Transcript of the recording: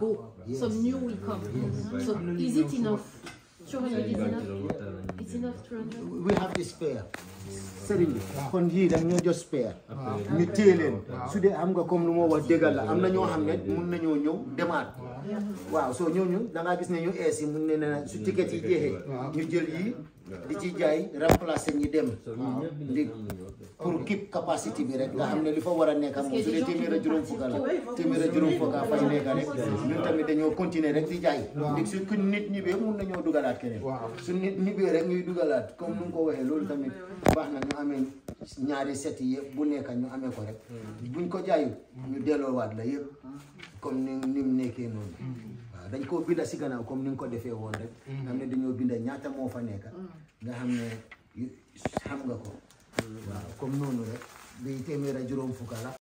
go. Yes. Some new We have spare. sëriñ bi kon yii dañ ñoo jot spare. Ah. ñu téye leen su dee am nga comme lu moo wax dëggal la am na ñoo xam ne mun nañoo ñëw demaat. waaw soo ñooñu da ngaa gis ne ñu ees yi mun ne na su ticket yi jeexee ñu jël yi di ci jaay remplacer ñi dem ndi pour keep capacity bi rek nga xam ne li fa war a nekka moom su dee téeméer a juróom fukka la téeméer rek ñun tamit dañoo continuer rek di jaay ndi su ku nit ñibee mun nañoo dugalaat keneen su nit ñibee rek ñuy dugalaat comme nu mu ko waxee loolu tamit baax na ñu amee ñaari set yi yëpp bu nekk ñu amee ko rek hmm. buñ ko jaayu ñu delloowaat la yëpp comme nekkee noonu waaw dañ koo binda si gannaaw comme ni ko defee woon rek mhm. nga xam ne dañoo binda ñaata moo fa nekk mhm. nga xam ne xam nga ko mhm. waaw comme noonu rek bi téeméer a juróom fukka la